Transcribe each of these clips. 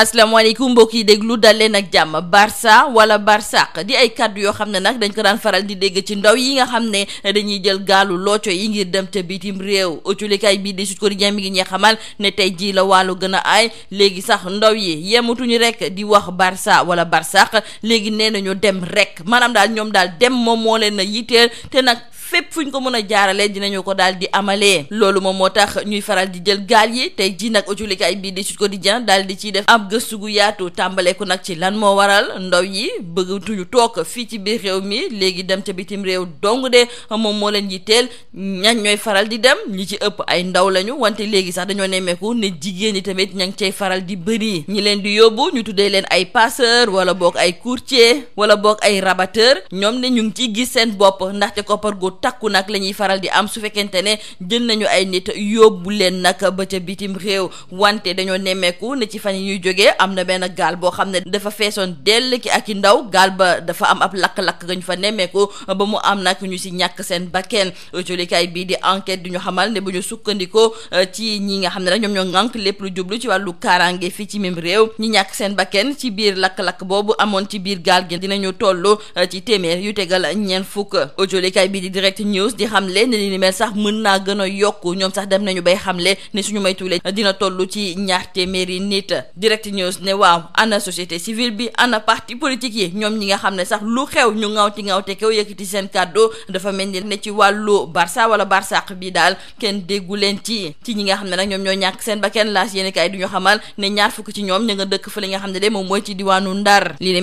asalaamaaleykum mbokk yi déglu dal leen ak jàmm Barça wala Barsaq di ay kàddu yoo xam ne nag dañ ko daan faral di dégg ci ndaw yi nga xam ne dañuy jël gaalu looco yi ngir dem ca bitim réew ëcculikaay bii di Sud Quotidien mi ngi ñee xamal ne tey jii la waalo gën a ay léegi sax ndaw yi yematuñu rek di wax Barça wala Barsaq léegi nee nañu dem rek maanaam daal ñoom daal dem moom moo leen a yitteel te nag fépp fu ñu ko mën a jaaralee dinañu ko daal di amalee loolu moom moo tax ñuy faral di jël gaal yi tey jii nag julikaay bii di Sud Quotidien daal di ciy def am gëstu gu yaatu tàmbaleeku nag ci lan moo waral ndaw yi bëggatuñu toog fii ci biir réew mi léegi dem ca bitim réew dong de moom moo leen yitteel ñañ ñooy faral di dem ñi ci ëpp ay ndaw lañu wante léegi sax dañoo nemmeeku ne jigéen ñi tamit ña ngi cay faral di bëri ñi leen di yóbbu ñu tuddee leen ay passeur wala boog ay courtier wala boog ay rabatteur ñoom ne ñu ngi ciy gis seen bopp ndaxte koppar takku nag la ñuy faral di am su fekkente ne jën nañu ay nit yóbbu leen nag ba ca bitim réew wante dañoo nemmeeku ne ci fan yi ñuy jógee am na benn gaal boo xam ne dafa feesoon dell ki ak i ndaw gaal ba dafa am ab lakk-lakk nga fa nemmeeku ba mu am nag si ñàkk seen bakkeen jolikaay bii di enquête di ñu xamal ne bu ñu sukkandikoo euh, ci ñi nga xam ne rek ñoom ñoo ngànk lépp lu jublu ci wàllu kaaraange fii ci même réew ñi ñàkk seen bakken ci biir lakk-lakk boobu amoon ci biir gaal gi dinañu toll euh, ci téeméer yu tegal ñeent fukk jolikaay direct news di xamle ne li mel sax mën naa gën a yokk ñoom sax dem nañu bay xamle ne suñu maytuwulee dina toll ci ñaar téeméeri nit direct news ne waaw ana société civile bi ana parti politique yi ñoom ñi nga xam ne sax lu xew ñu ŋawti ŋawte kew yëkkati seen kàddu dafa mel ni ne ci wàllu Barça wala Barsaq bi daal kenn déggu leen ci ci ñi nga xam ne nag ñoom ñoo ñàkk seen bakkan laas yéen kaay du ñu xamal ne ñaar fukk ci ñoom ña dëkk fa li nga xam ne de moom mooy ci diwaanu Ndar li ni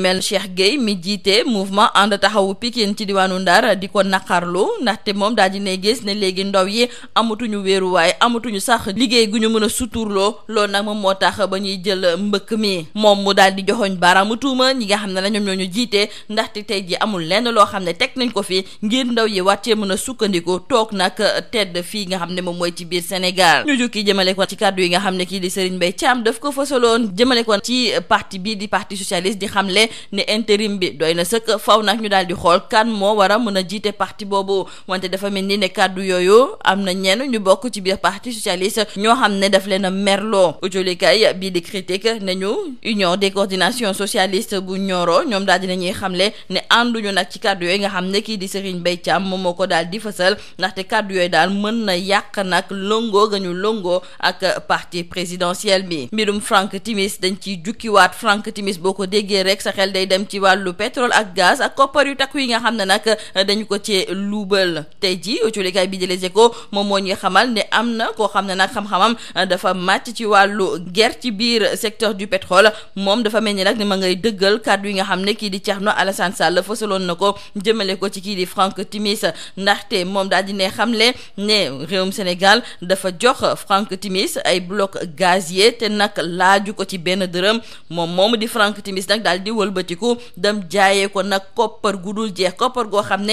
mi jiite mouvement ànd taxawu di ko naqarlu ndaxte moom daal di ne gis ne léegi ndaw yi amatuñu wéeruwaay amatuñu sax liggéey gu ñu mën a suturloo lool nag moom moo tax ba ñuy jël mbëkk mi moom mu daal di joxoñ baaraamu tuuma ñi nga xam ne la ñoom ñoo ñu jiite ndaxte tey ji amul lenn loo xam ne teg nañ ko fii ngir ndaw yi wàccee mën a sukkandiku toog nag tedd fii nga xam ne moom mooy ci biir Sénégal ñu jukki jëmale ko ci kaddu yi nga xam ne kii di Serigne Mbaye Thiam daf ko fasaloon jëmale ko ci parti bii di parti socialiste di xam le ne intérim bi doy na sëkk faw nag ñu daal di xool wante dafa mel ni ne kàddu yooyu am na ñenn ñu bokk ci biir parti socialiste ñoo xam ne daf leen a merloo ujolikaay bii di critique ne ñu union de coordinations socialistes bu ñoro ñoom daal dinañuy xamle ne ñu nag ci kàddu yooyu nga xam ne kii di Serigne Mbaye Thiam moom moo ko daal di fësal ndaxte kàddu yooyu daal mën na yàq nag lëngoo ñu lëngoo ak parti présidentiel bi mbirum Frank Timis dañ ciy jukkiwaat Frank Timis boo ko déggee rek sa xel day dem ci wàllu pétrole dugal tey ji cuulikaay bi di Les Échos moom moo ñuy xamal ne am na koo xam ne nag xam-xamam dafa màcc ci wàllu guerre ci biir secteur du pétrole moom dafa mel ni nag ni ma ngay dëggal kàddu yi nga xam ne kii di Thierno Alassane Sall fësaloon na ko jëmale ko ci kii di Franck Timis ndaxte moom daal di ne xamle ne réewum Sénégal dafa jox Franck Timis ay bloc gazier te nag laaju ko ci benn dërëm moom moomu di Franck Timis nag daal di wëlbatiku dem jaayee goo xam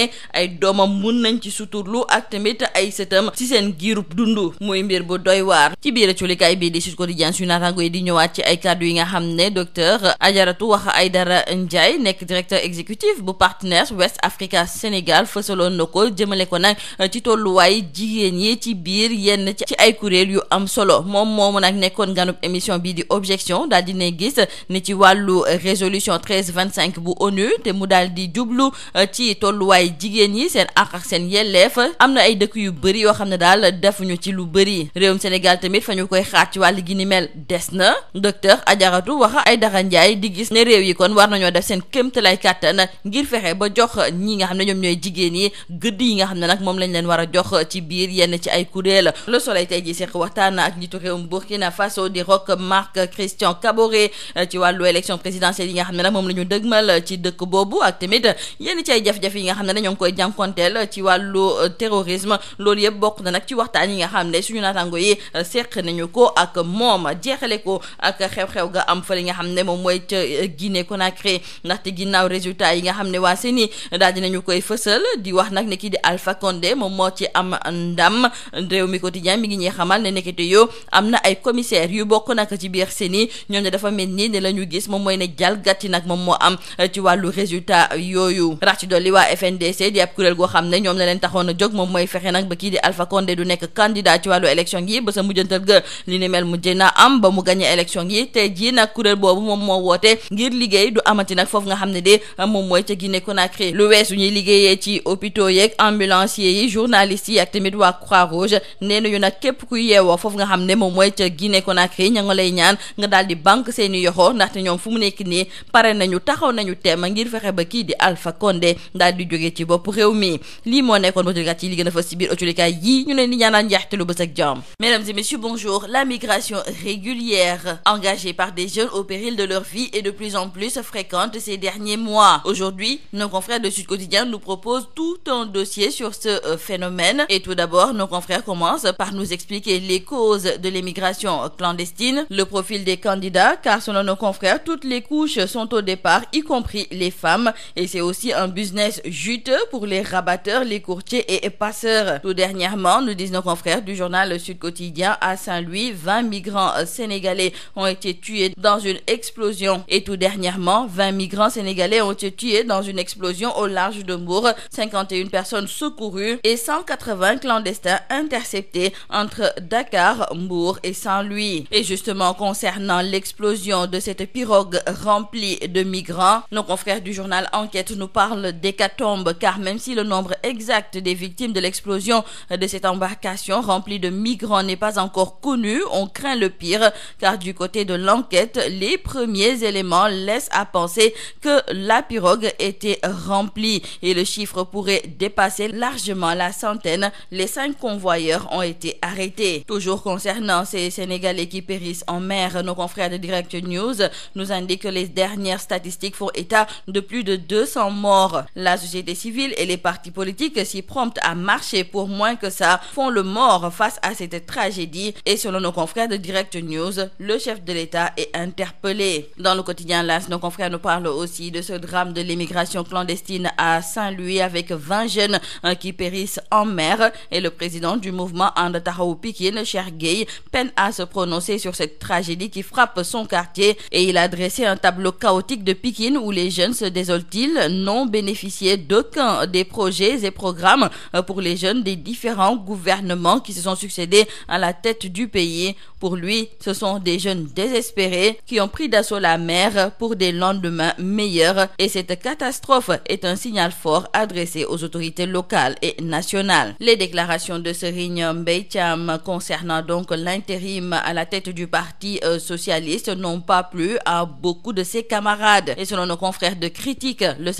mun nañ ci suturlu ak tamit ay sëtam ci seen giiru dundu muy mbir bu doy waar ci biir culikaay bii di Sud Quotidien suñu naataango yi di ñëwaat ci ay kàddu yi nga xam ne docteur Ajaratu Wax ay dara Ndiaye nekk directeur exécutif bu partenaire West Africa Sénégal fësaloon na ko jëmale ko nag ci tolluwaay jigéen yi ci biir yenn ci ay kuréel yu am solo moom moomu nag nekkoon ganub émission bii di objection daal dina gis ni ci wàllu résolution 1325 bu ONU te mu daal di jublu ci tolluwaay jigéen yi seen àq ak seen yelleef am na ay dëkk yu bëri yoo xam ne daal ñu ci lu bëri réewum Sénégal tamit fa ñu koy xaat ci wàll gi ni mel des na docteur Ajaratu Waxa Aydara Ndiaye di gis ne réew yi kon war nañoo def seen kéemtalaay kàttan ngir fexe ba jox ñi nga xam ne ñoom ñooy jigéen yi gëdd yi nga xam ne nag moom lañ leen war jox ci biir yenn ci ay kuréel Le Soleil tey ji seq waxtaan ak njiitu réewum Burkina Faso di Roch Marc Christian Kaboré ci wàllu élection présidentielle yi nga xam ne nag moom la ñu dëgmal ci dëkk boobu ak tamit yenn ci ay jafe-jafe yi nga xam ne ñoo koy jànkonteel ci wàllu euh, terrorisme loolu yëpp bokk na nag ci waxtaan yi nga xam ne suñu naataango yi euh, seq nañu ko ak moom jeexale ko ak xew-xew nga am fa li nga xam ne moom mooy ca euh, Guinée Conakry ndaxte ginnaaw résultat yi nga xam ne waa seen i daal dinañu koy fësal di wax nag ne kii di Alpha moom moo ci am ndam réew mi quotidien mi ngi ñuy xamal ne nekkete yoo am na ay commissaire yu bokk nag ci biir seen i ñoom ne dafa mel ni ne lañu gis moom mooy ne jalgati nag moom moo am ci wàllu résultat yooyu rax ci dolli waa FNDC di ab kuréel goo xam ne ñoom la leen taxoon na jóg moom mooy fexe nag ba kii di Alpha Condé du nekk candidat ci wàllu élection yi ba sa mujjantal ga li ni mel mujj na am ba mu gagné élection yi tey jii nag kuréel boobu moom moo woote ngir liggéey du amati nag foofu nga xam ne de moom mooy ca Guinée Conakry lu weesu ñuy liggéeyee ci hôpitaux yeeg ambulanciers yi journalistes yi ak tamit waa Croix Rouge nee nag képp kuy yeewoo foofu nga xam ne moom mooy ca Guinée Conakry ña nga lay ñaan nga daal di banque seeni yoxo ndaxte ñoom fu mu nekk nii pare nañu taxaw nañu teem ngir fexe ba kii di Alpha Condé daal di jóge ci boppu réew mi lii moo nekkoon batulikat yi li gën yi ñu leen di ñaanaan njeextalu bés mesdames et messieurs bonjour la migration régulière engagée par des jeunes au péril de leur vie est de plus en plus fréquente ces derniers mois aujourd'hui nos confrères de Sud Quotidien nous proposent tout un dossier sur ce euh, phénomène et tout d'abord nos confrères commencent par nous expliquer les candidats car selon nos confrères toutes les couches sont au départ vendeurs, les courtiers et passeurs. Tout dernièrement, nous disent nos confrères du journal Sud Quotidien à Saint-Louis, 20 migrants euh, sénégalais ont été tués dans une explosion. Et tout dernièrement, 20 migrants au large de Mbour, 51 personnes secourues et 180 clandestins interceptés entre Dakar, Mbour et Saint-Louis. Et justement, concernant l'explosion de cette pirogue remplie de migrants, nos confrères du journal Enquête nous parlent d'hécatombes car même si le nombre exact des victimes de l'explosion de cette embarcation remplie de migrants n'est pas encore connue. On craint le pire car du côté de l'enquête, les premiers éléments laissent à penser que la pirogue était remplie et le chiffre pourrait dépasser largement la centaine. Les cinq convoyeurs ont été arrêtés. Toujours concernant ces Sénégalais qui périssent en mer, nos confrères de Direct News nous indiquent que les dernières statistiques font état de plus de 200 morts. La politiques s'y à marcher pour moins que ça, font le mort face à cette tragédie et selon nos confrères de Direct News, le chef de l'État est interpellé. Dans le quotidien LAS, nos confrères nous parlent aussi de ce drame de l'immigration clandestine à Saint-Louis avec 20 jeunes qui périssent en mer et le président du mouvement And Taxawu Pikine, Cheikh Gueye, peine à se prononcer sur cette tragédie qui frappe son quartier et il a dressé un tableau chaotique de et programmes euh, pour les jeunes des différents gouvernements qui se sont succédés à la tête du pays. Pour lui, ce sont des jeunes désespérés qui ont pris d'assaut la mer pour des lendemains meilleurs et cette catastrophe est un signal fort adressé aux autorités locales et nationales. Les déclarations de Serigne Mbaye Thiam concernant donc l'intérim à la tête du Parti euh, socialiste n'ont pas plu à beaucoup de ses camarades et selon nos confrères de Critique, le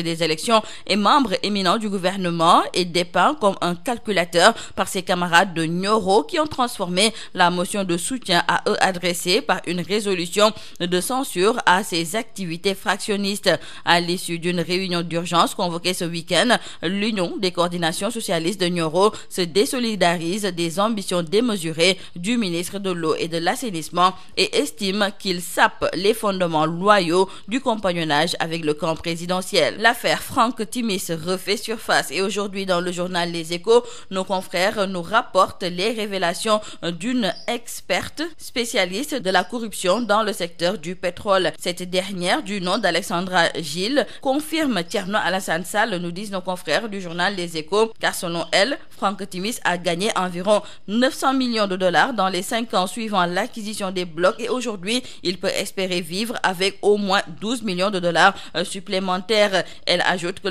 des élections est membre éminent du gouvernement et dépeint comme un calculateur par ses camarades de Nioro qui ont transformé la motion de soutien à eux adressée par une résolution de censure à ses activités fractionnistes. À l'issue d'une réunion d'urgence convoquée ce week-end, l'Union des coordinations socialistes de Nioro se désolidarise des ambitions démesurées du ministre de l'eau et de l'assainissement et estime qu'il sape les fondements loyaux du compagnonnage avec le camp présidentiel. L'affaire optimisme refait surface et aujourd'hui dans le journal Les Échos, nos confrères nous rapportent les révélations d'une experte spécialiste de la corruption dans le secteur du pétrole. Cette dernière, du nom d'Alexandra Gilles, confirme Thierno Alassane Sall, nous disent nos confrères du journal Les Échos, car selon elle, Franck Timis a gagné environ 900 millions de dollars dans les cinq ans suivant l'acquisition des blocs et aujourd'hui, il peut espérer vivre avec au de dollars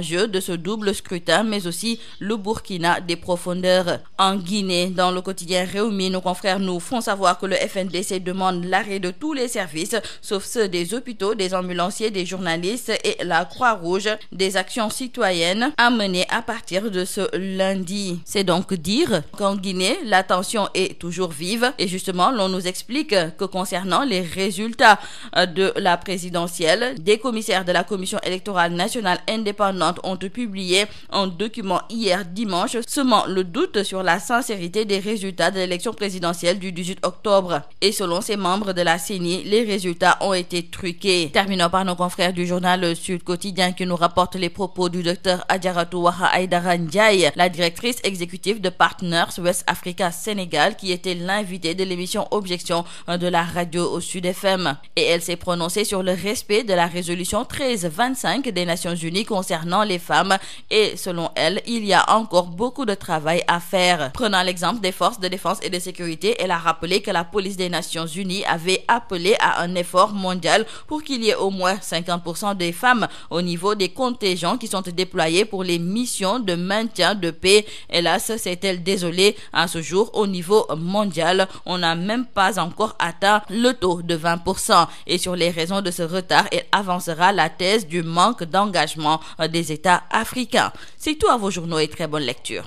enjeux de ce double scrutin, mais aussi le Burkina des profondeurs. En Guinée, dans le quotidien Réumi, nos confrères nous font savoir que le FNDC demande l'arrêt de tous les services, sauf ceux des hôpitaux, des ambulanciers, des journalistes et la Croix-Rouge, des actions citoyennes à à partir de ce lundi. C'est donc dire qu'en Guinée, la tension est toujours vive et justement, l'on nous explique que concernant les résultats de la présidentielle, des commissaires indépendantes ont publié un document hier dimanche semant le doute sur la sincérité des résultats de l'élection présidentielle du 18 octobre. Et selon ses membres de la CENI, les résultats ont été truqués. Terminons par nos confrères du journal Sud Quotidien qui nous rapporte les propos du docteur Adjaratou Waha Aydara Ndiaye, la directrice exécutive de Partners West Africa Sénégal qui était l'invitée de l'émission Objection de la radio au Sud FM. Et elle s'est prononcée de la résolution 1325 concernant les femmes et selon elle, il y a encore beaucoup de travail à faire. Prenant l'exemple des forces de défense et de sécurité, elle a rappelé que la police des Nations Unies avait appelé à un effort mondial pour qu'il y ait au moins des femmes au niveau des contingents qui sont déployés pour les missions de maintien de paix. Hélas, s'est-elle désolée, à ce jour, au niveau mondial, on n'a même pas encore atteint le taux de Et sur les raisons de ce retard, des États africains. C'est tout à vos journaux et très bonne lecture.